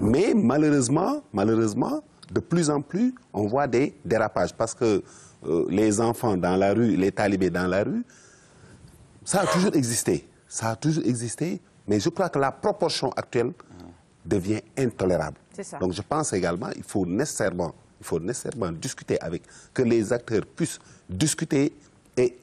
Mais malheureusement, malheureusement, de plus en plus, on voit des dérapages. Parce que euh, les enfants dans la rue, les talibés dans la rue, ça a toujours existé. Ça a toujours existé, mais je crois que la proportion actuelle devient intolérable. Donc je pense également qu'il faut nécessairement, il faut nécessairement discuter avec, que les acteurs puissent discuter et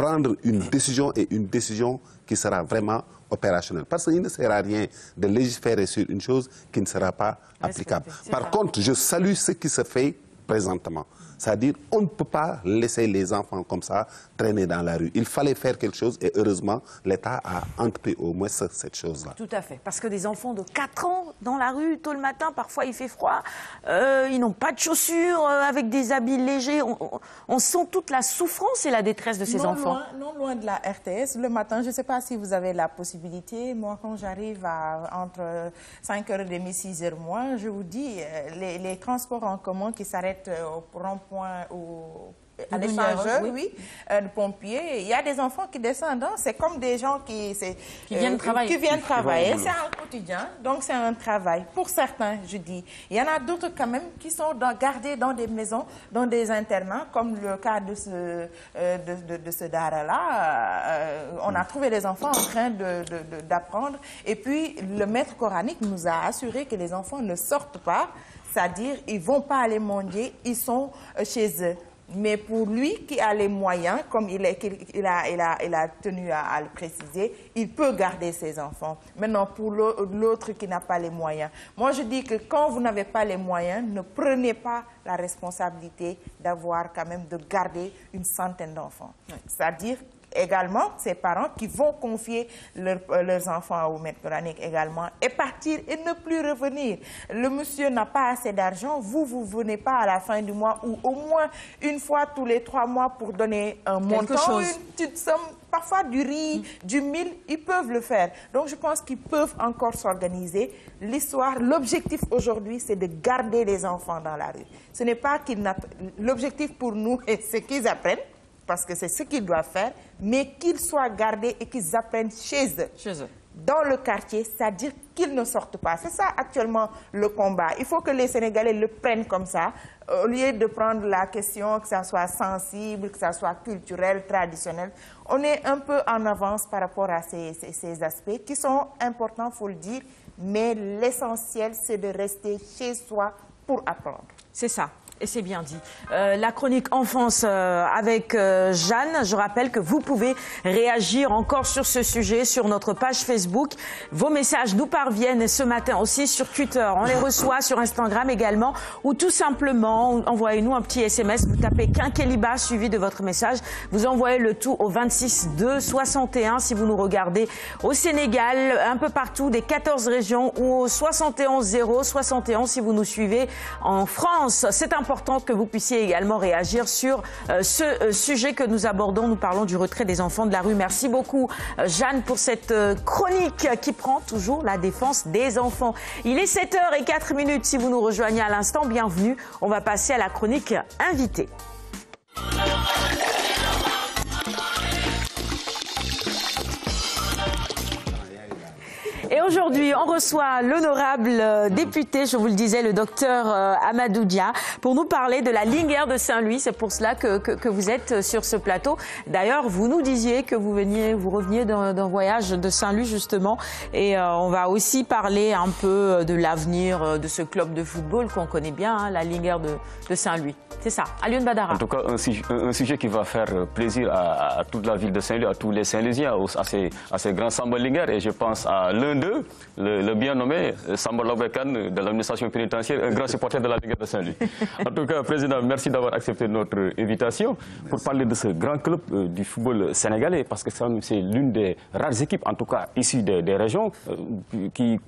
prendre une décision et une décision qui sera vraiment opérationnelle. Parce qu'il ne sert à rien de légiférer sur une chose qui ne sera pas applicable. Par contre, je salue ce qui se fait présentement. C'est-à-dire, on ne peut pas laisser les enfants comme ça traîner dans la rue. Il fallait faire quelque chose et heureusement, l'État a entrepris au moins cette chose-là. Tout à fait. Parce que des enfants de 4 ans dans la rue, tôt le matin, parfois il fait froid, euh, ils n'ont pas de chaussures, euh, avec des habits légers. On, sent toute la souffrance et la détresse de ces enfants. Loin, non loin de la RTS, le matin, je ne sais pas si vous avez la possibilité, moi quand j'arrive entre 5h30 et 6h moins, je vous dis, euh, les, transports en commun qui s'arrêtent au point au, à l'échangeur, oui, oui euh, Il y a des enfants qui descendent. Hein. C'est comme des gens qui, viennent travailler. Qui viennent euh, travailler. C'est un quotidien, donc c'est un travail. Pour certains, je dis. Il y en a d'autres quand même qui sont gardés dans des maisons, dans des internats, comme le cas de ce, euh, de, de, ce Dara-là. on a trouvé les enfants en train d'apprendre. Et puis, le maître coranique nous a assuré que les enfants ne sortent pas c'est-à-dire, ils vont pas aller manger, ils sont euh, chez eux. Mais pour lui qui a les moyens, comme il, a, il, a, il a, tenu à, le préciser, il peut garder ses enfants. Maintenant, pour l'autre qui n'a pas les moyens. Moi, je dis que quand vous n'avez pas les moyens, ne prenez pas la responsabilité d'avoir quand même de garder une centaine d'enfants. C'est-à-dire, également ces parents qui vont confier euh, leurs enfants au maître coranique également et partir et ne plus revenir. Le monsieur n'a pas assez d'argent, vous, vous venez pas à la fin du mois ou au moins une fois tous les trois mois pour donner un montant, une petite somme, parfois du riz, mm. du mille, ils peuvent le faire. Donc je pense qu'ils peuvent encore s'organiser. L'histoire, l'objectif aujourd'hui, c'est de garder les enfants dans la rue. Ce n'est pas qu'ils L'objectif pour nous, ce qu'ils apprennent, parce que c'est ce qu'ils doivent faire, mais qu'ils soient gardés et qu'ils apprennent chez eux. dans le quartier, c'est-à-dire qu'ils ne sortent pas. C'est ça actuellement le combat. Il faut que les Sénégalais le prennent comme ça, au lieu de prendre la question, que ça soit sensible, que ça soit culturel, traditionnel. On est un peu en avance par rapport à ces, ces aspects qui sont importants, il faut le dire, mais l'essentiel, c'est de rester chez soi pour apprendre. C'est ça. Et c'est bien dit. Euh, la chronique enfance euh, avec euh, Jeanne. Je rappelle que vous pouvez réagir encore sur ce sujet sur notre page Facebook. Vos messages nous parviennent ce matin aussi sur Twitter. On les reçoit sur Instagram également. Ou tout simplement, envoyez-nous un petit SMS. Vous tapez quinqueliba suivi de votre message. Vous envoyez le tout au 26 2 61 si vous nous regardez au Sénégal, un peu partout des 14 régions ou au 71 0 71 si vous nous suivez en France. C'est un important que vous puissiez également réagir sur euh, ce euh, sujet que nous abordons. Nous parlons du retrait des enfants de la rue. Merci beaucoup, euh, Jeanne, pour cette chronique qui prend toujours la défense des enfants. Il est 7 h 4 minutes. Si vous nous rejoignez à l'instant, bienvenue. On va passer à la chronique invitée. Et aujourd'hui, on reçoit l'honorable euh, député, je vous le disais, le docteur euh, Amadou Dia, pour nous parler de la Lingère de Saint-Louis. C'est pour cela que, que, vous êtes euh, sur ce plateau. D'ailleurs, vous nous disiez que vous, veniez, vous reveniez d'un voyage de Saint-Louis, justement. Et on va aussi parler un peu de l'avenir de ce club de football qu'on connaît bien, hein, la Lingère de, de Saint-Louis. C'est ça, Alioune Badara. En tout cas, un sujet, qui va faire plaisir à, toute la ville de Saint-Louis, à tous les Saint-Louisiens, à, à, ces grands sambes Et je pense à l'un le, bien nommé euh, Samba Lovekan euh, de l'administration pénitentiaire, un grand supporter de la Ligue de Saint-Louis. En tout cas, Président, merci d'avoir accepté notre invitation pour parler de ce grand club euh, du football sénégalais, parce que c'est l'une des rares équipes, en tout cas issues des, régions, qui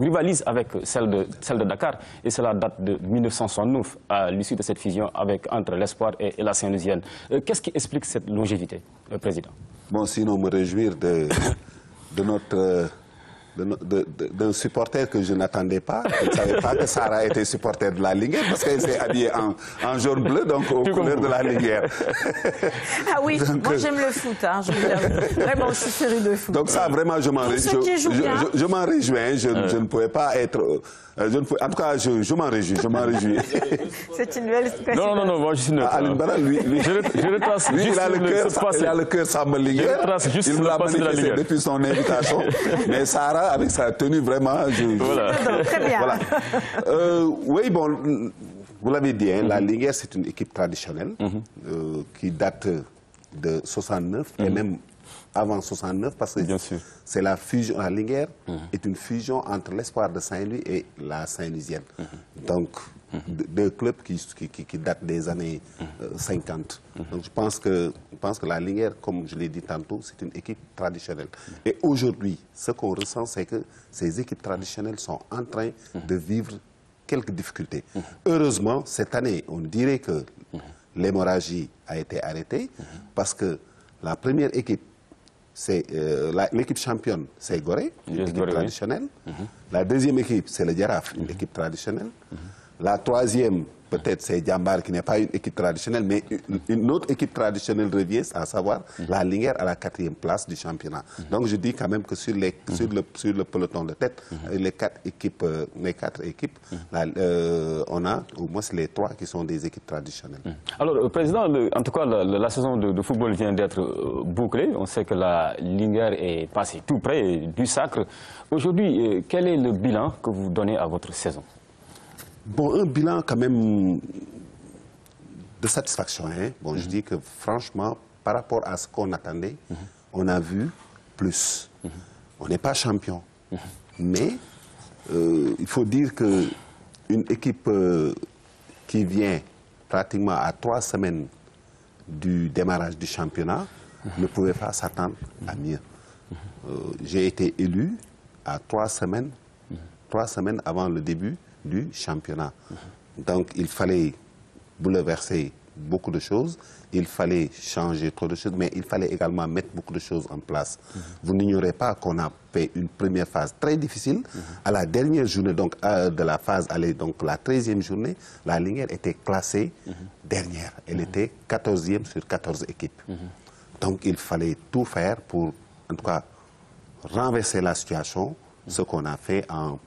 rivalise avec celle de, celle de Dakar et cela date de 1969 à l'issue de cette fusion avec, entre l'espoir et, la Saint-Louisienne. Qu'est-ce qui explique cette longévité, Président Bon, sinon me réjouir de, de notre d'un supporter que je n'attendais pas. Je ne savais pas que Sarah était supporter de la Ligue, parce qu'elle s'est habillée en, jaune bleu, donc aux couleurs de la Ligue. ah oui, moi euh, j'aime le foot. Hein, je vraiment, je suis série de foot. Donc ça, vraiment, je m'en réjouis. Je, je, m'en réjouis. Hein, je, ne pouvais pas être... Euh, en tout cas, je, m'en réjouis. Je m'en réjouis. C'est une belle spécialité. Non, non, non, moi je suis ah, hein. je, retrace juste il a le, cœur, il a le cœur, ça me Linguère. Je retrace juste il me l'a manifesté depuis son invitation. Mais Sarah, avec sa tenue, vraiment, hein, je... Voilà. très bien. Euh, oui, bon, vous l'avez dit, hein, la mhm. Ligue c'est une équipe traditionnelle mhm. euh, qui date de 69 et mhm. même avant 69 parce que c'est la fusion, la Ligue est une fusion entre l'espoir de Saint-Louis et la Saint-Louisienne. Donc, deux clubs qui, datent des années 50. Euh, Donc je pense que, je pense que la Liguère, comme je l'ai dit tantôt, c'est une équipe traditionnelle. Et aujourd'hui, ce qu'on ressent, c'est que ces équipes traditionnelles sont en train de vivre quelques difficultés. Heureusement, cette année, on dirait que l'hémorragie a été arrêtée parce que la première équipe c'est euh, l'équipe championne, c'est Gorée, une équipe traditionnelle. La deuxième équipe, c'est le Giraffe, une équipe traditionnelle. La troisième, peut-être, c'est Djambar, qui n'est pas une équipe traditionnelle, mais une autre équipe traditionnelle revient, à savoir la Lingère à la quatrième place du championnat. Donc je dis quand même que sur, le, peloton de tête, les quatre équipes, euh, les quatre équipes euh, on a au moins les trois qui sont des équipes traditionnelles. Alors, euh, Président, en tout cas, la, saison de, football vient d'être bouclée. On sait que la Lingère est passée tout près du sacre. Aujourd'hui, quel est le bilan que vous donnez à votre saison Bon, un bilan quand même de satisfaction. Hein. Bon, je mhm. dis que franchement, par rapport à ce qu'on attendait, mhm. on a vu plus. Mhm. On n'est pas champion. Mais euh, il faut dire qu'une équipe euh, qui vient pratiquement à trois semaines du démarrage du championnat ne pouvait pas s'attendre à mieux. Euh, j'ai été élu à trois semaines, trois semaines avant le début du championnat. Donc il fallait bouleverser beaucoup de choses, il fallait changer trop de choses, mais il fallait également mettre beaucoup de choses en place. Vous n'ignorez pas qu'on a fait une première phase très difficile. À la dernière journée donc, euh, de la phase allez donc la 13e journée, la ligne était classée dernière. Elle était 14e sur 14 équipes. Donc il fallait tout faire pour, en tout cas, renverser la situation, ce qu'on a fait en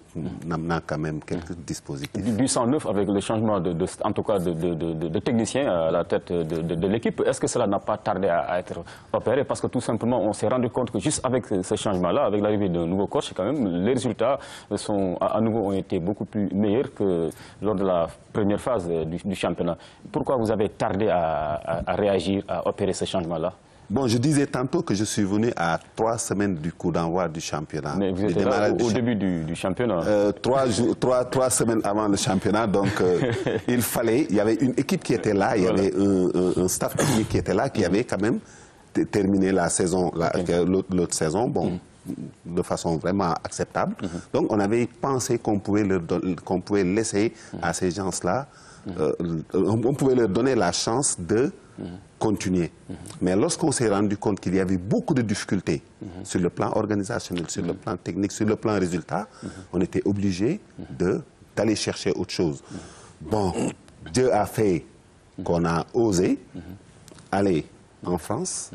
a quand même quelques dispositifs. Du, 109 avec le changement de, en tout cas de, technicien à la tête de, l'équipe, est-ce que cela n'a pas tardé à, être opéré Parce que tout simplement, on s'est rendu compte que juste avec ce changement-là, avec l'arrivée d'un nouveau coach, quand même, les résultats sont, à, nouveau ont été beaucoup plus meilleurs que lors de la première phase du, championnat. Pourquoi vous avez tardé à, à réagir, à opérer ce changement-là Bon, je disais tantôt que je suis venu à trois semaines du coup d'envoi du championnat. Mais vous étiez au, début du, championnat euh, trois, trois, semaines avant le championnat, donc euh, il fallait... Il y avait une équipe qui était là, il y avait un, staff technique qui était là, qui avait quand même terminé la saison, l'autre saison, bon... Mm. de façon vraiment acceptable. Mm-hmm. Donc on avait pensé qu'on pouvait, pouvait laisser à mm. ces gens-là, mm. euh, on pouvait leur donner la chance de continuer. Mais lorsqu'on s'est rendu compte qu'il y avait beaucoup de difficultés sur le plan organisationnel, sur le plan technique, sur le plan résultat, on était obligé d'aller chercher autre chose. Bon, Dieu a fait qu'on a osé aller en France,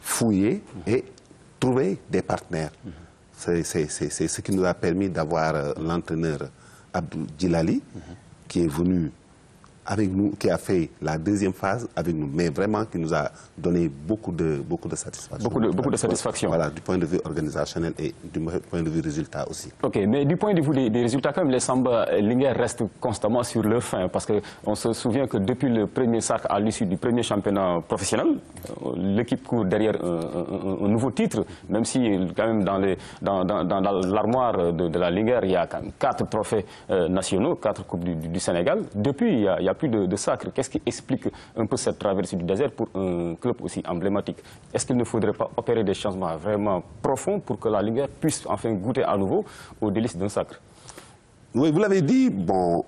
fouiller et trouver des partenaires. C'est ce qui nous a permis d'avoir euh, l'entraîneur Abdou Dilali qui est venu avec nous, qui a fait la deuxième phase avec nous, mais vraiment qui nous a donné beaucoup de, beaucoup de satisfaction. Beaucoup de, satisfaction. Voilà, du point de vue organisationnel et du point de vue résultat aussi. Ok, mais du point de vue des, résultats, quand même, les Samba Linger restent constamment sur le fin, parce qu'on se souvient que depuis le premier sac à l'issue du premier championnat professionnel, euh, l'équipe court derrière un, nouveau titre, même si quand même dans l'armoire de, la Linger, il y a quand même quatre trophées euh, nationaux, quatre coupes du, Sénégal. Depuis, plus de, sacre. Qu'est-ce qui explique un peu cette traversée du désert pour un club aussi emblématique Est-ce qu'il ne faudrait pas opérer des changements vraiment profonds pour que la Ligue 1 puisse enfin goûter à nouveau au délice d'un sacre Oui, vous l'avez dit, bon,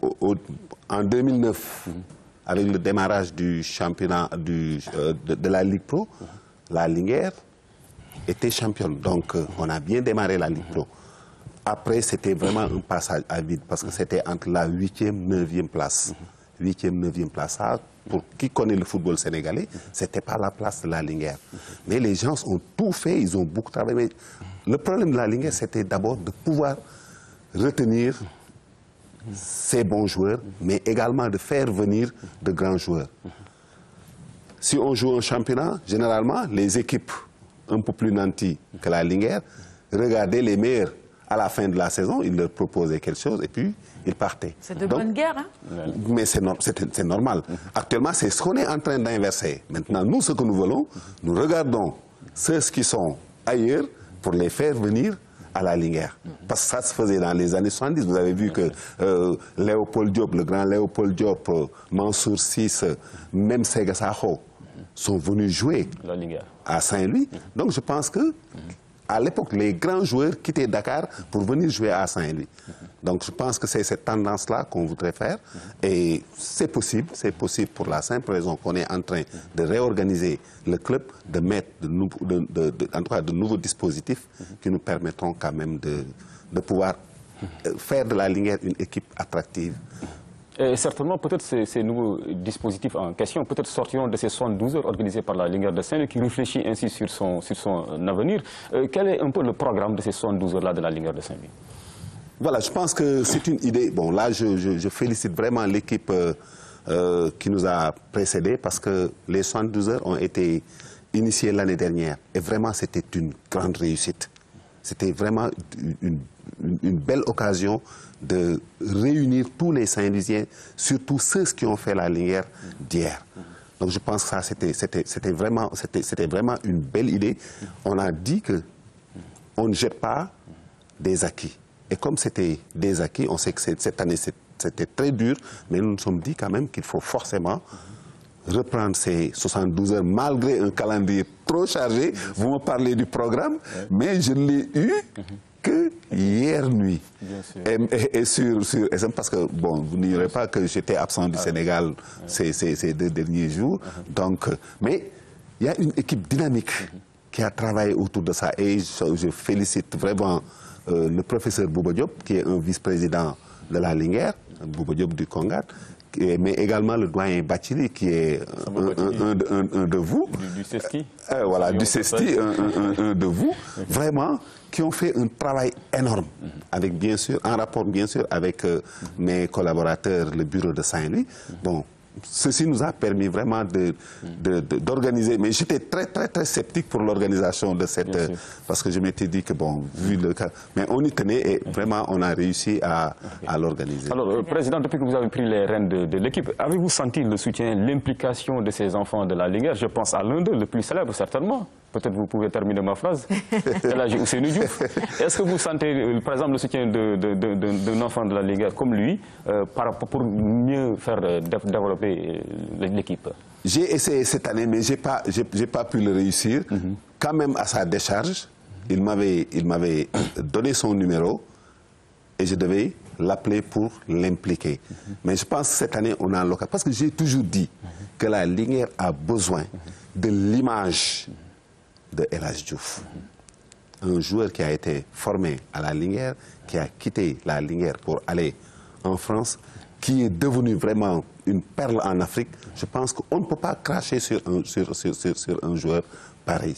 en 2009, avec le démarrage du championnat euh, de, la Ligue Pro, la Ligue était championne. Donc, euh, on a bien démarré la Ligue Pro. Après, c'était vraiment un passage à vide parce que c'était entre la 8e et 9e place. 8e, 9e place. pour qui connaît le football sénégalais, ce n'était pas la place de la Linguerre. Mais les gens ont tout fait, ils ont beaucoup travaillé. le problème de la Linguerre, c'était d'abord de pouvoir retenir ces bons joueurs, mais également de faire venir de grands joueurs. Si on joue un championnat, généralement, les équipes un peu plus nantis que la Linguerre, regardaient les meilleurs à la fin de la saison, il leur proposait quelque chose et puis ils partaient. C'est de bonne guerre, hein Mais c'est normal. Actuellement, c'est ce qu'on est en train d'inverser. Maintenant, nous, ce que nous voulons, nous regardons ceux qui sont ailleurs pour les faire venir à la 1. Parce que ça se faisait dans les années 70. Vous avez vu que euh, Léopold Diop, le grand Léopold Diop, euh, Mansour VI, euh, même Sega sont venus jouer à Saint-Louis. Donc je pense que à l'époque, les grands joueurs quittaient Dakar pour venir jouer à Saint-Louis. Donc je pense que c'est cette tendance-là qu'on voudrait faire. Et c'est possible, c'est possible pour la simple raison qu'on est en train de réorganiser le club, de mettre de, nouveaux dispositifs qui nous permettront quand même de, pouvoir euh, faire de la Ligue une équipe attractive et certainement, peut-être ces, nouveaux dispositifs en question, peut-être sortiront de ces 72 heures organisées par la Ligue de saint Saint-Luc, qui réfléchit ainsi sur son, sur son euh, avenir. Euh, quel est un peu le programme de ces 72 heures-là de la Ligue de Saint-Denis Saint-Luc Voilà, je pense que c'est une idée. Bon, là, je, je, félicite vraiment l'équipe euh, qui nous a précédés, parce que les 72 heures ont été initiées l'année dernière. Et vraiment, c'était une grande réussite. C'était vraiment une belle occasion de réunir tous les Saint-Louisiens, surtout ceux qui ont fait la lumière d'hier. Donc je pense que ça, c'était vraiment, une belle idée. On a dit que on ne jette pas des acquis. Et comme c'était des acquis, on sait que cette année, c'était très dur, mais nous nous sommes dit quand même qu'il faut forcément reprendre ces 72 heures malgré un calendrier trop chargé. Vous me parlez du programme, mais je l'ai eu que hier nuit. Et, et, sur, parce que, bon, vous n'irez pas que j'étais absent du ah. Sénégal ces, deux derniers jours. Uh-huh. donc, mais il y a une équipe dynamique uh-huh. qui a travaillé autour de ça. Et je, félicite vraiment euh, le professeur Bouba Diop, qui est un vice-président de la Linguère, Bouba du Congat, mais également le doyen Bachili, qui est un, de vous. Du, euh, voilà, du Sesti, un, de vous. Vraiment, qui ont fait un travail énorme, mhm. avec bien sûr, en rapport bien sûr avec euh, mhm. mes collaborateurs, le bureau de Saint-Louis. Mhm. Bon, ceci nous a permis vraiment d'organiser. De, Mais j'étais très, très, très sceptique pour l'organisation de cette... Euh, parce que je m'étais dit que, bon, vu le cas... Mais on y tenait et vraiment, on a réussi à, l'organiser. Alors, euh, Président, depuis que vous avez pris les rênes de, de l'équipe, avez-vous senti le soutien, l'implication de ces enfants de la Ligue Je pense à l'un d'eux, le plus célèbre, certainement peut-être vous pouvez terminer ma phrase, est-ce que vous sentez, euh, par exemple, le soutien d'un enfant de la ligue, comme lui, euh, pour mieux faire euh, développer l'équipe J'ai essayé cette année, mais je n'ai pas, pas pu le réussir. Mm-hmm. Quand même, à sa décharge, il m'avait donné son numéro et je devais l'appeler pour l'impliquer. Mm-hmm. Mais je pense que cette année, on a cas, Parce que j'ai toujours dit mm-hmm. que la Ligue a besoin de l'image de El Un joueur qui a été formé à la Lignière, qui a quitté la Lignière pour aller en France, qui est devenu vraiment une perle en Afrique. Je pense qu'on ne peut pas cracher sur un, sur, un joueur pareil.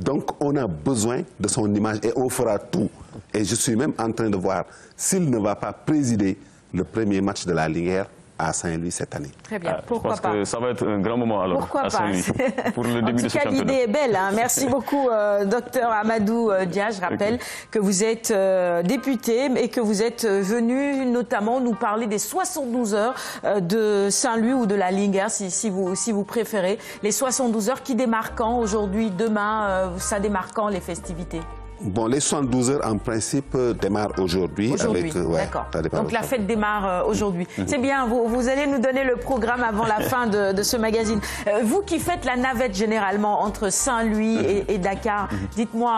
Donc on a besoin de son image et on fera tout. Et je suis même en train de voir s'il ne va pas présider le premier match de la Lignière à Saint-Louis cette année. Très bien, ah, pourquoi Parce que ça va être un grand moment alors pourquoi à Saint-Louis pour le début en tout de l'idée est belle. Hein. Merci beaucoup, euh, docteur Amadou euh, Dia. Je rappelle que vous êtes euh, député et que vous êtes venu notamment nous parler des 72 heures de Saint-Louis ou de la Ligue si vous préférez. Les 72 heures qui démarquent aujourd'hui, demain, ça démarquant les festivités Bon, les 72 heures, en principe, euh, démarrent aujourd'hui. Euh, d'accord. ouais, Donc la fête démarre euh, aujourd'hui. Mhm. C'est bien, vous, vous, allez nous donner le programme avant la fin de, ce magazine. vous qui faites la navette généralement entre Saint-Louis et, mhm. Dakar, mhm. dites-moi,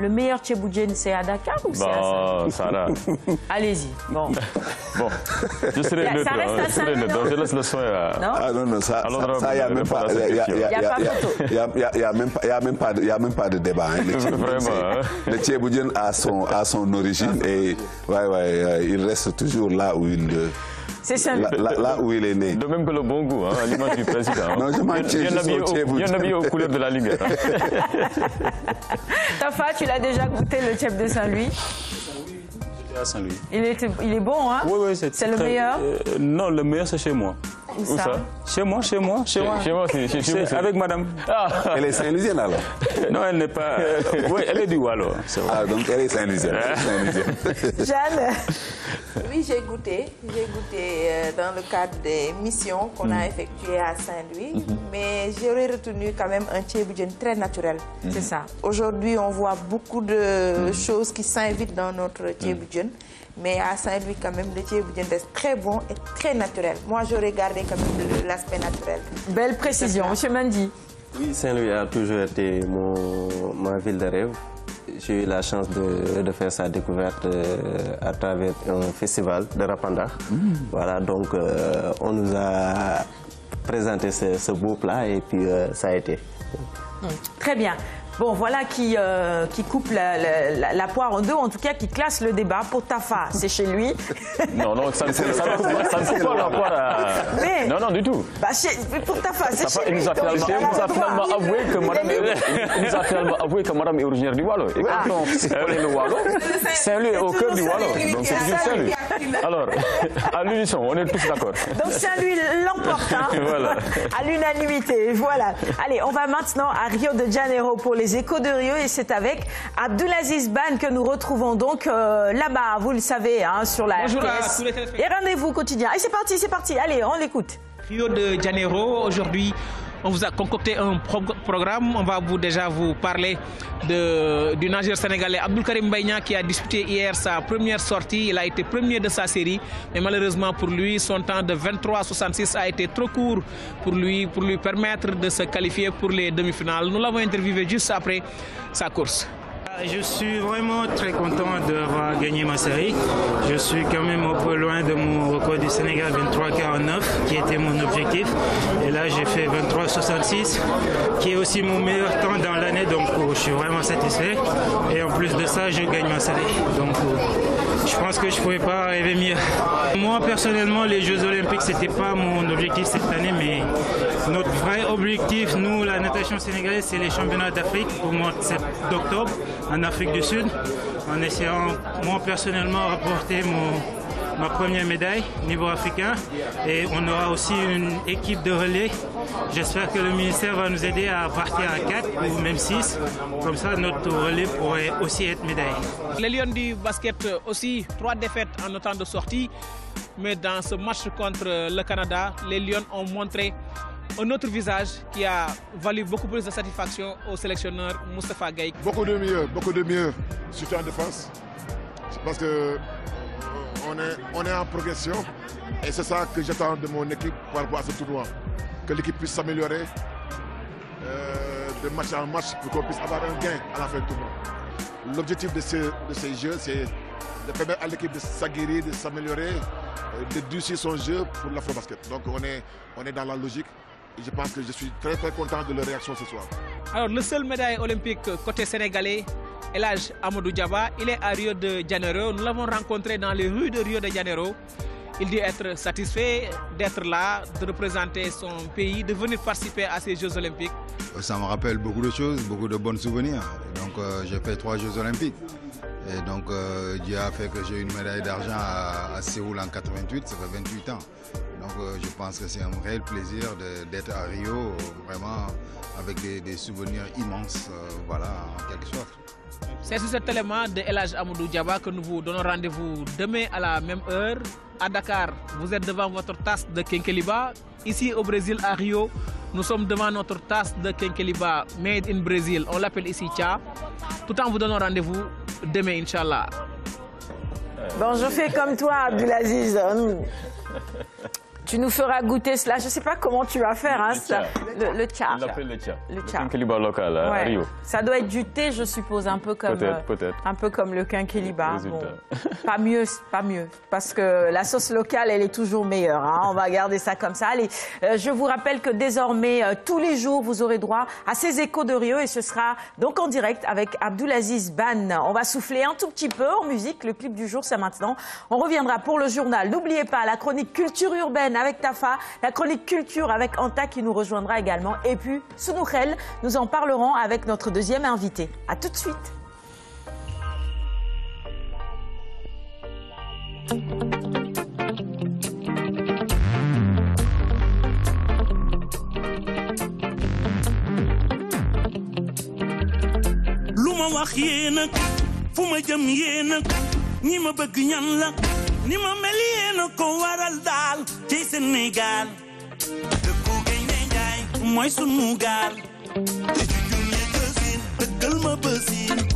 le meilleur Tchéboujen, c'est à Dakar ou c'est à bah, Saint-Louis Allez-y, bon. bon, je serai hein. neutre, je, je laisse le soin à... Non, ah, non, non, ça, il n'y a, même pas de débat. Hein, Vraiment, hein. le ceebu a son son origine et ouais, ouais, il reste toujours là où il Là, où il est né. De même que le bon goût, hein, l'image du président. Non, je m'en Il y en a mis au couleurs de la Ligue. Tafa, tu l'as déjà goûté le chef de Saint-Louis à Saint-Louis. Il est, il est bon, hein Oui, oui, c'est le meilleur euh, Non, le meilleur, c'est chez moi. Où, ça, Chez moi, chez moi, chez, moi. Chez moi, c'est chez, Avec madame. Ah. Elle est saint louisienne alors Non, elle n'est pas. oui, elle est du Wallo. Ah, donc elle est saint louisienne ah. Jeanne Oui, j'ai goûté. J'ai goûté euh, dans le cadre des missions qu'on a mm. effectuées à Saint-Louis. Mm-hmm. Mais j'aurais retenu quand même un tchébudjen très naturel. Mm-hmm. C'est ça. Aujourd'hui, on voit beaucoup de mm-hmm. choses qui s'invitent dans notre tchébudjen. Mais à Saint-Louis, quand même, le thé est très bon et très naturel. Moi, j'aurais gardé quand même l'aspect naturel. Belle précision, Monsieur Mandy. Oui, Saint-Louis a toujours été mon, ma ville de rêve. J'ai eu la chance de, de faire sa découverte euh, à travers un festival de Rapanda. Mm. Voilà, donc euh, on nous a présenté ce, beau plat et puis euh, ça a été. Très bien. Bon, voilà qui, euh, qui coupe la, poire en deux, en tout cas qui classe le débat. Pour Tafa, c'est chez lui. Non, non, ça ne coupe, pas la poire. Euh. non, non, du tout. Bah, pour Tafa, c'est chez lui. Il nous a finalement, avoué que madame, est originaire du Wallo. Et quand on le Wallo, c'est lui au cœur du Wallo. Donc c'est toujours saint Alors, à l'unisson, on est tous d'accord. Donc c'est lui l'emporte, hein. à l'unanimité. Voilà. Allez, on va maintenant à Rio de Janeiro pour les les échos de Rio et c'est avec Abdulaziz Ban que nous retrouvons donc euh, là-bas, vous le savez, hein, sur la Bonjour Et rendez-vous quotidien. Et c'est parti, c'est parti. Allez, on l'écoute. Rio de Janeiro, aujourd'hui, on vous a concocté un programme. On va vous déjà vous parler du nageur sénégalais Abdul Karim Baïna qui a disputé hier sa première sortie. Il a été premier de sa série, mais malheureusement pour lui, son temps de 23 66 a été trop court pour lui, pour lui permettre de se qualifier pour les demi-finales. Nous l'avons interviewé juste après sa course. Euh, je suis vraiment très content d'avoir gagné ma série. Je suis quand même un peu loin de mon record du Sénégal 23-49, qui était mon objectif. Et là, j'ai fait 23-66, qui est aussi mon meilleur temps dans l'année. Donc, oh, je suis vraiment satisfait. Et en plus de ça, je gagne ma série. Donc, oh je pense que je ne pouvais pas rêver mieux. Moi personnellement, les Jeux Olympiques c'était pas mon objectif cette année, mais notre vrai objectif, nous, la natation sénégalaise, c'est les championnats d'Afrique au mois d'octobre en Afrique du Sud, en essayant moi personnellement rapporter mon ma première médaille niveau africain et on aura aussi une équipe de relais J'espère que le ministère va nous aider à partir à 4 ou même 6. Comme ça, notre relais pourrait aussi être médaillé. Les Lions du basket aussi, trois défaites en autant de sorties. Mais dans ce match contre le Canada, les Lions ont montré un autre visage qui a valu beaucoup plus de satisfaction au sélectionneur Moustapha Gaïk. Beaucoup de mieux, beaucoup de mieux, surtout en défense. Parce que euh, on est, est en progression et c'est ça que j'attends de mon équipe par rapport à ce tournoi que l'équipe puisse s'améliorer euh, de match en match pour qu'on puisse avoir un gain à la fin du tournoi. L'objectif de, ces jeux, c'est de permettre à l'équipe de s'aguerrir, de s'améliorer, euh, de durcir son jeu pour l'afro-basket. Donc on est, on est dans la logique et je pense que je suis très très content de leur réaction ce soir. Alors le seul médaille olympique côté sénégalais, l'âge Amadou Djaba, il est à Rio de Janeiro. Nous l'avons rencontré dans les rues de Rio de Janeiro. Il doit être satisfait d'être là, de représenter son pays, de venir participer à ces Jeux olympiques. Euh, ça me rappelle beaucoup de choses, beaucoup de bons souvenirs. Donc euh, j'ai fait trois Jeux olympiques. Et donc euh, Dieu a fait que j'ai une médaille d'argent à, Séoul en 88, ça fait 28 ans. Donc je pense que c'est un réel plaisir d'être à Rio, vraiment avec des, des souvenirs immenses, voilà, en quelque sorte. C'est sur cet élément de Elage Amoudou Diaba que nous vous donnons rendez-vous demain à la même heure à Dakar. Vous êtes devant votre tasse de Kenkeliba. Ici au Brésil, à Rio, nous sommes devant notre tasse de Kenkeliba Made in Brésil. On l'appelle ici Tcha. Tout en vous donnant rendez-vous demain, Inch'Allah. Bon, je fais comme toi, Abdulaziz. Tu nous feras goûter cela. Je ne sais pas comment tu vas faire. Hein, le, le on l'appelle le tcha. Le, local euh, Rio. Ça doit être du thé, je suppose, un peu comme, peut -être, euh, peut -être. Un peu comme le quinquilibre. Bon. pas mieux, pas mieux. Parce que la sauce locale, elle est toujours meilleure. Hein. On va garder ça comme ça. Allez, euh, je vous rappelle que désormais, tous les jours, vous aurez droit à ces échos de Rio. Et ce sera donc en direct avec Abdulaziz Ban. On va souffler un tout petit peu en musique. Le clip du jour, c'est maintenant. On reviendra pour le journal. N'oubliez pas la chronique culture urbaine avec Tafa, la chronique culture avec Anta qui nous rejoindra également. Et puis, Sounoukhel, nous en parlerons avec notre deuxième invité. A tout de suite. ni mamelie no ko waral dal ci senegal de gay ne jay moy sunu gal ci ñu ñu ma bëssine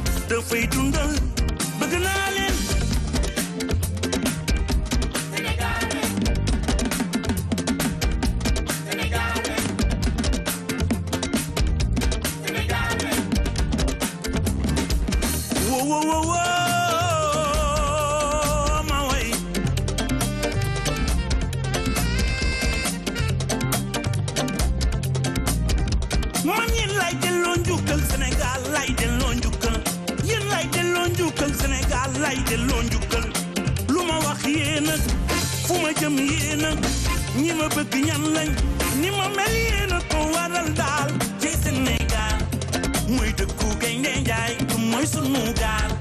te fai tunda bagana à gaynde njaay du mooy sunu gaal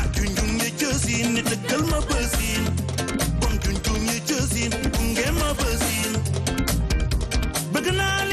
ak junjung ñi cësin ni dëkkal ma bësin bon junjung ñi cësin gunge ma bësin bëgg naa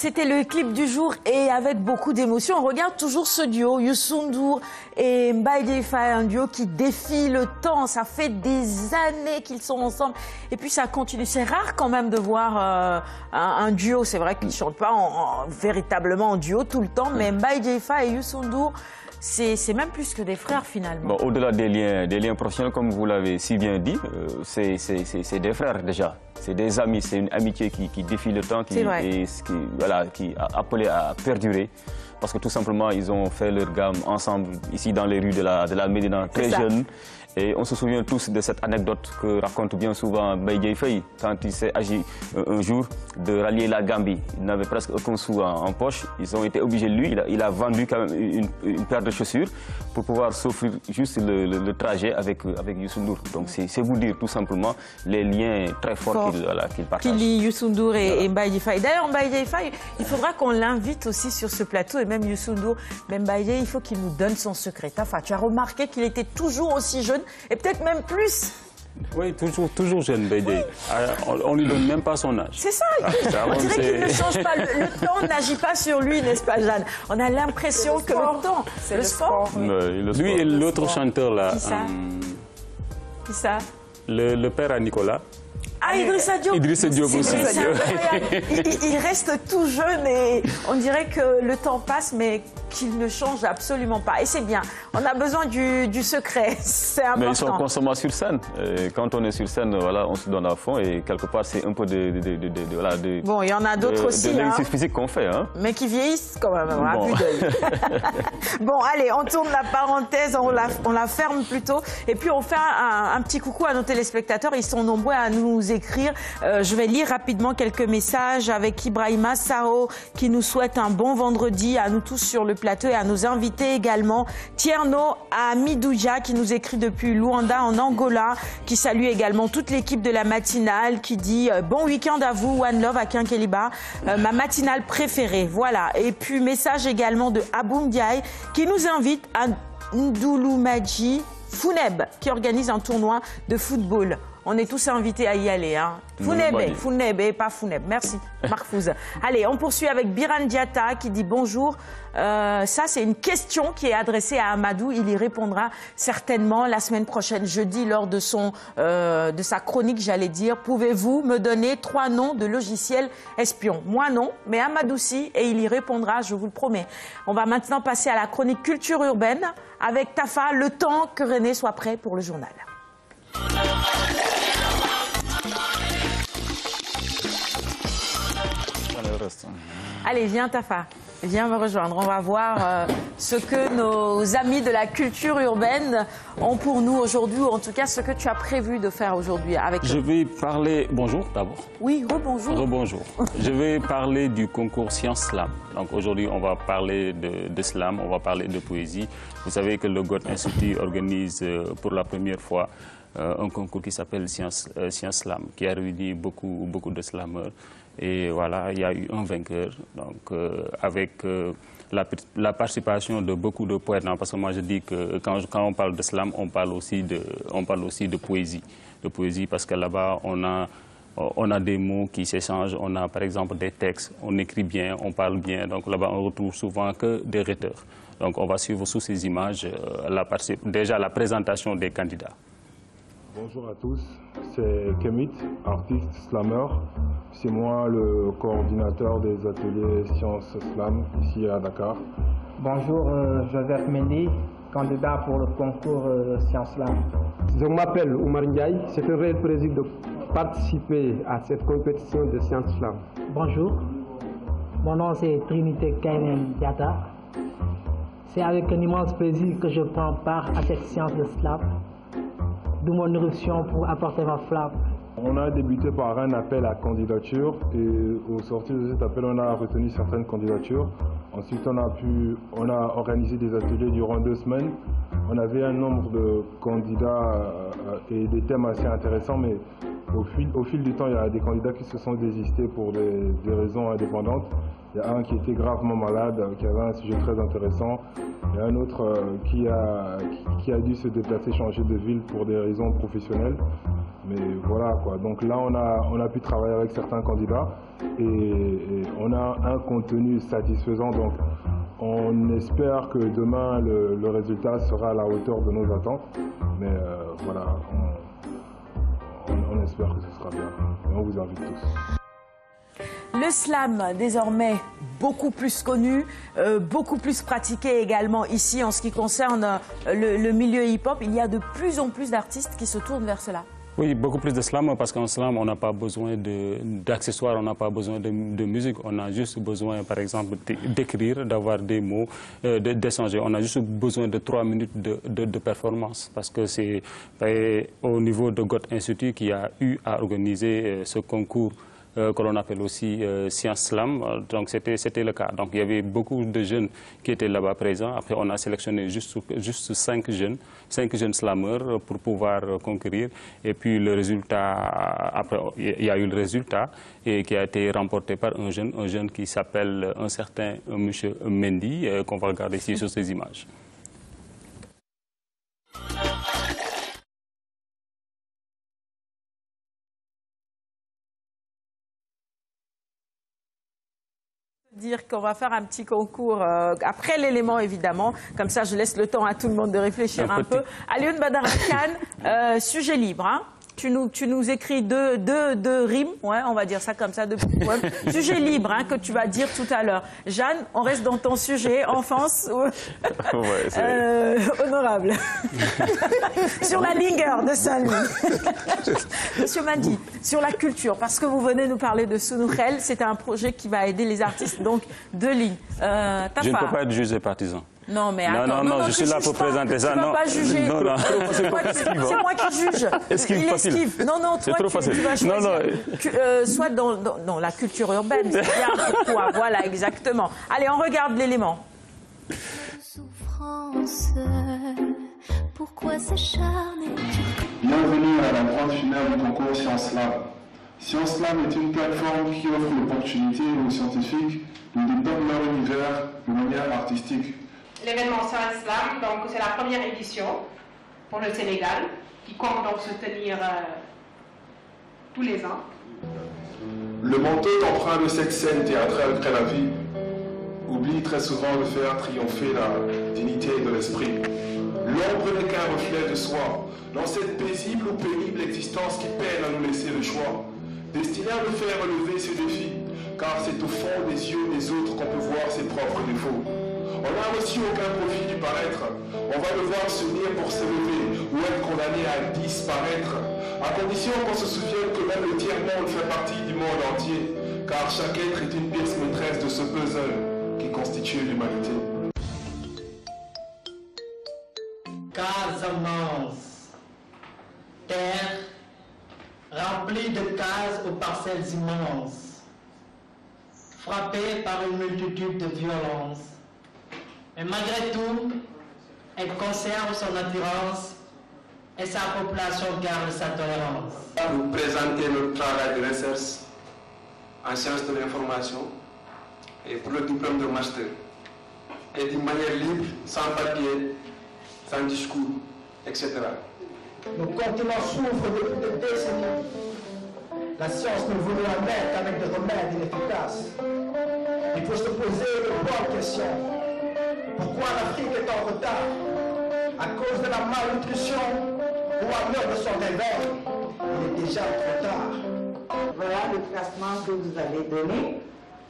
c'était le clip du jour et avec beaucoup d'émotion, on regarde toujours ce duo, Youssoundour et Mbaye un duo qui défie le temps. Ça fait des années qu'ils sont ensemble et puis ça continue. C'est rare quand même de voir euh, un, duo. C'est vrai qu'ils ne chantent pas véritablement en duo tout le temps, mais Mbaye et Youssoundour, c'est même plus que des frères finalement. Au-delà des liens, des liens professionnels, comme vous l'avez si bien dit, euh, c'est des frères déjà c'est des amis, c'est une amitié qui, défie le temps, qui, et, qui, voilà, qui a à perdurer. Parce que tout simplement, ils ont fait leur gamme ensemble, ici dans les rues de la, de la Médina, très jeunes. Et on se souvient tous de cette anecdote que raconte bien souvent Baye quand il s'est agi euh, un jour de rallier la Gambie. Il n'avait presque aucun sou en, poche. Ils ont été obligés, lui, il a, vendu quand même une, paire de chaussures pour pouvoir s'offrir juste le, trajet avec, euh, avec Youssou Ndour. Donc c'est vous dire tout simplement les liens très forts – Qui lit et, voilà. et D'ailleurs, Mbaye il faudra qu'on l'invite aussi sur ce plateau et même Youssoundour. même Baye. il faut qu'il nous donne son secret. Enfin, tu as remarqué qu'il était toujours aussi jeune et peut-être même plus. Oui, toujours, toujours jeune baye. Ah, on ne lui donne même pas son âge. C'est ça. Ah, on dirait qu'il ne change pas. Le, temps n'agit pas sur lui, n'est-ce pas, Jeanne On a l'impression que le temps, c'est le, sport. Lui et l'autre chanteur là. ça Qui ça euh, le, père à Nicolas. Ah, Idrissa Diop Idrissa Diop aussi. Il, reste tout jeune et on dirait que le temps passe, mais qu'il ne change absolument pas. Et c'est bien. On a besoin du, du secret. C'est important. Mais ils sont consommés sur scène. quand on est sur scène, voilà, on se donne à fond et quelque part, c'est un peu de, de, de, de Bon, il y en a d'autres aussi. Hein. physique qu'on fait. Hein. Mais qui vieillissent quand même. Hein, bon. bon, allez, on tourne la parenthèse, on la, on la ferme plutôt. Et puis, on fait un, un petit coucou à nos téléspectateurs. Ils sont nombreux à nous écrire. Euh, je vais lire rapidement quelques messages avec Ibrahima Sao qui nous souhaite un bon vendredi à nous tous sur le plateau et à nos invités également. Tierno Amidouja qui nous écrit depuis Luanda en Angola, qui salue également toute l'équipe de la matinale, qui dit euh, bon week-end à vous, One Love à Kinkeliba, euh, ma matinale préférée. Voilà. Et puis message également de Aboum qui nous invite à Maji, Funeb qui organise un tournoi de football on est tous invités à y aller. Hein. Funebe, pas Funebe. Merci, Marc Allez, on poursuit avec Biran Diatta qui dit bonjour. Euh, ça, c'est une question qui est adressée à Amadou. Il y répondra certainement la semaine prochaine, jeudi, lors de, son, euh, de sa chronique, j'allais dire. Pouvez-vous me donner trois noms de logiciels espions Moi, non, mais Amadou, si, et il y répondra, je vous le promets. On va maintenant passer à la chronique culture urbaine avec Tafa, le temps que René soit prêt pour le journal. Allez, viens, Tafa. Viens me rejoindre. On va voir euh, ce que nos amis de la culture urbaine ont pour nous aujourd'hui, ou en tout cas ce que tu as prévu de faire aujourd'hui avec nous. – Je vais parler. Bonjour d'abord. Oui, rebonjour. Rebonjour. Je vais parler du concours Science Slam. Donc aujourd'hui, on va parler de, slam, on va parler de poésie. Vous savez que le God Institute organise euh, pour la première fois euh, un concours qui s'appelle Science, Slam, qui a réuni beaucoup, beaucoup de slameurs. Et voilà, il y a eu un vainqueur, donc euh, avec euh, la, participation de beaucoup de poètes. Hein, parce que moi, je dis que quand, on parle de slam, on parle aussi de, on parle aussi de poésie. De poésie parce que là-bas, on a, on a des mots qui s'échangent. On a, par exemple, des textes. On écrit bien, on parle bien. Donc là-bas, on retrouve souvent que des rhéteurs. Donc on va suivre sous ces images euh, déjà la présentation des candidats. Bonjour à tous, c'est Kemit, artiste slammer. C'est moi le coordinateur des ateliers sciences slam ici à Dakar. Bonjour, je euh, Joseph Mendy, candidat pour le concours Science euh, sciences slam. Je m'appelle Oumar Ndiaye, c'est un vrai plaisir de participer à cette compétition de sciences slam. Bonjour, mon nom c'est Trinité Kainen Diata. C'est avec un immense plaisir que je prends part à cette science de slam de mon pour apporter ma flamme. On a débuté par un appel à candidature et au sortir de cet appel, on a retenu certaines candidatures. Ensuite, on a, pu, on a organisé des ateliers durant deux semaines. On avait un nombre de candidats euh, et des thèmes assez intéressants, mais au fil, du temps, il y a des candidats qui se sont désistés pour des, raisons indépendantes. Il y a un qui était gravement malade, euh, qui avait un sujet très intéressant. Il y a un autre euh, qui a, qui, a dû se déplacer, changer de ville pour des raisons professionnelles. Mais voilà quoi. Donc là, on a, on a pu travailler avec certains candidats et, on a un contenu satisfaisant. Donc on espère que demain, le, résultat sera à la hauteur de nos attentes. Mais euh, voilà j'espère que ce sera bien. On vous invite tous. Le slam, désormais beaucoup plus connu, euh, beaucoup plus pratiqué également ici en ce qui concerne euh, le milieu hip-hop, il y a de plus en plus d'artistes qui se tournent vers cela. Oui, beaucoup plus de slam parce qu'en slam, on n'a pas besoin d'accessoires, on n'a pas besoin de, de, musique, on a juste besoin, par exemple, d'écrire, d'avoir des mots, euh, d'échanger. On a juste besoin de trois minutes de, de, performance parce que c'est au niveau de Goth Institute qui a eu à organiser euh, ce concours euh, que l'on appelle aussi euh, Science Slam. Donc c'était le cas. Donc il y avait beaucoup de jeunes qui étaient là-bas présents. Après, on a sélectionné juste, juste cinq jeunes, cinq jeunes slameurs pour pouvoir euh, conquérir. Et puis le résultat, après, il y a eu le résultat et qui a été remporté par un jeune, un jeune qui s'appelle un certain M. Mendy, qu'on va regarder ici sur ces images. dire qu'on va faire un petit concours euh, après l'élément, évidemment. Comme ça, je laisse le temps à tout le monde de réfléchir un, peu. Alioune Badarakan, euh, sujet libre. Hein tu nous, tu nous écris deux, rimes, on va dire ça comme ça, de poèmes. sujet libre hein, que tu vas dire tout à l'heure. Jeanne, on reste dans ton sujet, enfance euh, honorable. sur la lingueur de Salmi. Monsieur Mandy, sur la culture, parce que vous venez nous parler de Sounoukhel, c'est un projet qui va aider les artistes, donc deux lignes. Euh, je ne peux pas être jugé partisan. Non, mais attends. Non, non, je suis là pour présenter ça. Tu non, pas juger. C'est hein. moi qui juge. Esquive facile. Non, non, toi, trop facile. tu vas euh, Soit dans la culture urbaine, c'est bien pour toi. Voilà, exactement. Allez, on regarde l'élément. Souffrance, pourquoi s'acharner Bienvenue à la grande finale du concours Sciences Lab. Sciences Lab est une plateforme qui offre l'opportunité aux scientifiques de développer leur univers de manière artistique l'événement saint Islam, donc c'est la première édition pour le Sénégal, qui compte donc se tenir euh, tous les ans. Le manteau d'emprunt de cette scène théâtrale crée la vie oublie très souvent de faire triompher la dignité de l'esprit. L'ombre n'est qu'un reflet de soi, dans cette paisible ou pénible existence qui peine à nous laisser le choix, destinée à nous faire relever ses défis, car c'est au fond des yeux des autres qu'on peut voir ses propres défauts on n'a reçu aucun profit du paraître. On va devoir s'unir pour s'élever ou être condamné à disparaître, à condition qu'on se souvienne que même le tiers-monde fait partie du monde entier, car chaque être est une pièce maîtresse de ce puzzle qui constitue l'humanité. immense, terre remplie de cases aux parcelles immenses, frappée par une multitude de violences, mais malgré tout, elle conserve son attirance et sa population garde sa tolérance. Vous présenter notre travail de recherche en sciences de l'information et pour le diplôme de master. Et d'une manière libre, sans papier, sans discours, etc. Le continent souffre depuis des décennies. La science ne voulait en mettre avec des remèdes inefficaces. Il faut se poser de bonnes questions. Pourquoi l'Afrique est en retard À cause de la malnutrition ou à l'heure de son réveil, il est déjà trop tard. Voilà le classement que vous avez donné.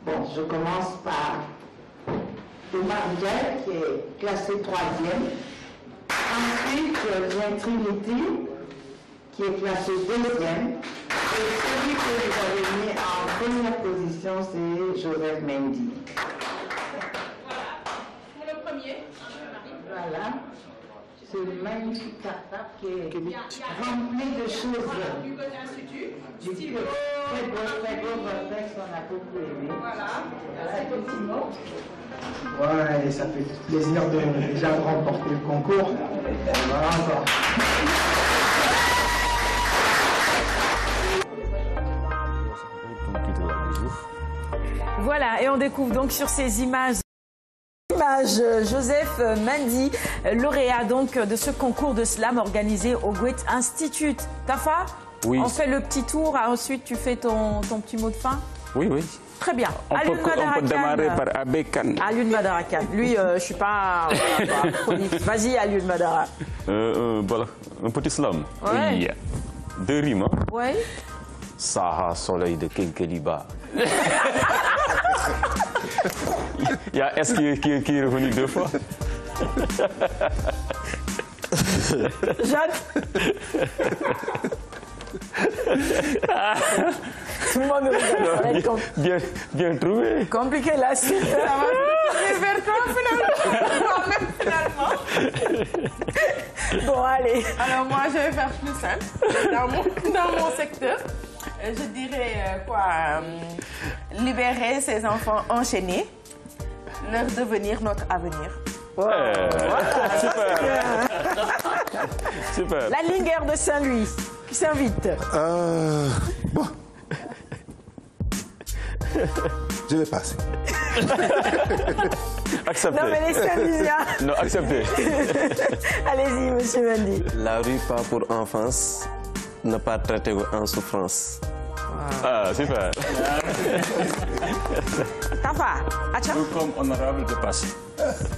Bon, je commence par Thomas qui est classé troisième. Ensuite, vient Trinity, qui est classé deuxième. Et celui que vous avez mis en première position, c'est Joseph Mendy. Voilà, ce magnifique cartable qui est rempli de choses. Voilà, du bon institut. Du très beau, très beau on a beaucoup aimé. Voilà, c'est petit mot. Ouais, et ça fait plaisir de déjà remporter le concours. Voilà, Voilà, et on découvre donc sur ces images. Joseph Mandi, lauréat donc de ce concours de slam organisé au Goethe Institute. Tafa oui. On fait le petit tour, ah, ensuite tu fais ton, petit mot de fin Oui, oui. Très bien. On, peut, démarrer par Madara Madarakan. Lui, euh, je ne suis pas... Vas-y, Alun Madara. Euh, euh, un petit slam. Oui. Deux rimes. Hein. Oui. Saha, soleil de Kinkeliba. Il y a S qui, qui, est revenu deux fois. Jeanne Tout le monde regarde. Bien, compl... bien, bien, trouvé. Compliqué la suite. vers toi finalement. finalement. bon, allez. Alors moi, je vais faire plus simple dans mon, dans mon secteur. Euh, je dirais euh, quoi euh, Libérer ces enfants enchaînés, leur devenir notre avenir. Ouais. super. La lingueur de Saint-Louis qui s'invite. Euh, bon. Je vais passer. acceptez. Non, mais laissez Non, acceptez. Allez-y, monsieur Mandy. La rue pas pour enfance, ne pas traiter en souffrance ah. ah, super. Tafa, Acha. Nous comme honorable de passer.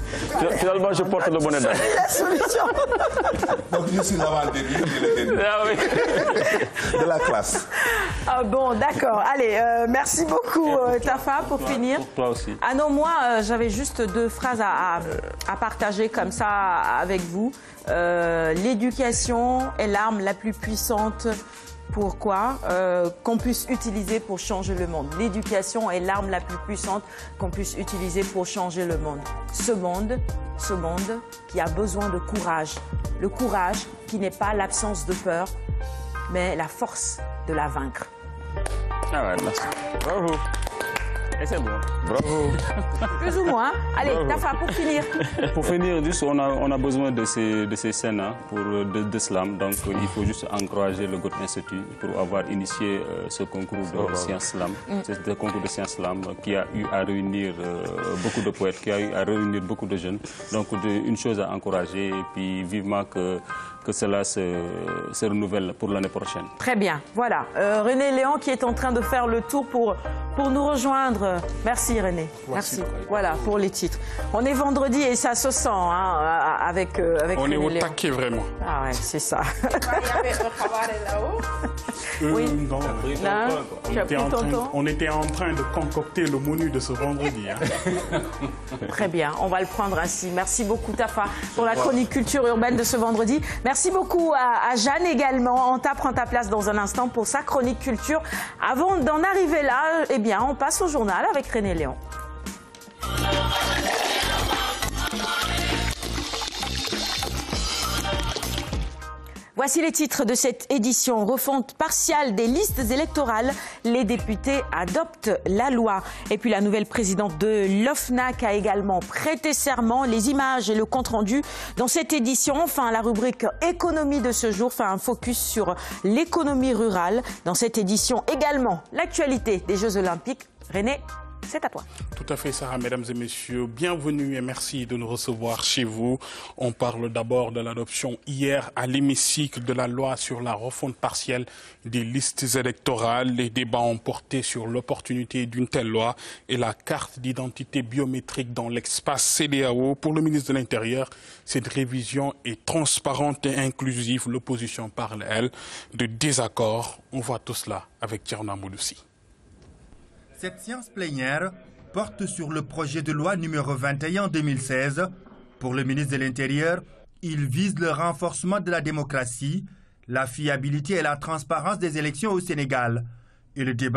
– Finalement, je porte le bonnet d'âme. C'est la solution. Donc, je suis l'avant-dernier le ah de la classe. Ah, bon, d'accord. Allez, euh, merci beaucoup, euh, Tafa, pour, finir. Pour toi aussi. Ah non, moi, euh, j'avais juste deux phrases à, partager comme ça avec vous. L'éducation est l'arme la plus puissante pourquoi euh, Qu'on puisse utiliser pour changer le monde. L'éducation est l'arme la plus puissante qu'on puisse utiliser pour changer le monde. Ce monde, ce monde qui a besoin de courage. Le courage qui n'est pas l'absence de peur, mais la force de la vaincre. Ah c'est bon. Bravo. Plus ou moins. Allez, Tafa, pour finir. Pour finir, juste, on a, besoin de ces, scènes là hein, de, slam. Donc, euh, il faut juste encourager le Goethe Institute pour avoir initié euh, ce concours de science slam. Mm. C'est un concours de science slam qui a eu à réunir euh, beaucoup de poètes, qui a eu à réunir beaucoup de jeunes. Donc, une chose à encourager. Et puis, vivement que que cela se, se renouvelle pour l'année prochaine. Très bien, voilà. Euh, René Léon qui est en train de faire le tour pour, pour nous rejoindre. Merci René. Merci. Voilà, pour les titres. On est vendredi et ça se sent hein, avec, euh, avec On est au taquet vraiment. Ah ouais, c'est ça. Euh, on, était en train, on, était en train, de concocter le menu de ce vendredi. Hein. Très bien, on va le prendre ainsi. Merci beaucoup Tafa pour la chronique culture urbaine de ce vendredi. Merci Merci beaucoup à, Jeanne également. Anta prend ta place dans un instant pour sa chronique culture. Avant d'en arriver là, eh bien, on passe au journal avec René Léon. Voici les titres de cette édition. Refonte partielle des listes électorales. Les députés adoptent la loi. Et puis la nouvelle présidente de l'OFNAC a également prêté serment. Les images et le compte-rendu dans cette édition. Enfin, la rubrique économie de ce jour fait un focus sur l'économie rurale. Dans cette édition également, l'actualité des Jeux Olympiques. René c'est à toi. Tout à fait, Sarah, mesdames et messieurs. Bienvenue et merci de nous recevoir chez vous. On parle d'abord de l'adoption hier à l'hémicycle de la loi sur la refonte partielle des listes électorales. Les débats ont porté sur l'opportunité d'une telle loi et la carte d'identité biométrique dans l'espace CDAO. Pour le ministre de l'Intérieur, cette révision est transparente et inclusive. L'opposition parle, elle, de désaccord. On voit tout cela avec Tierna aussi. Cette séance plénière porte sur le projet de loi numéro 21 2016. Pour le ministre de l'Intérieur, il vise le renforcement de la démocratie, la fiabilité et la transparence des élections au Sénégal. Et le débat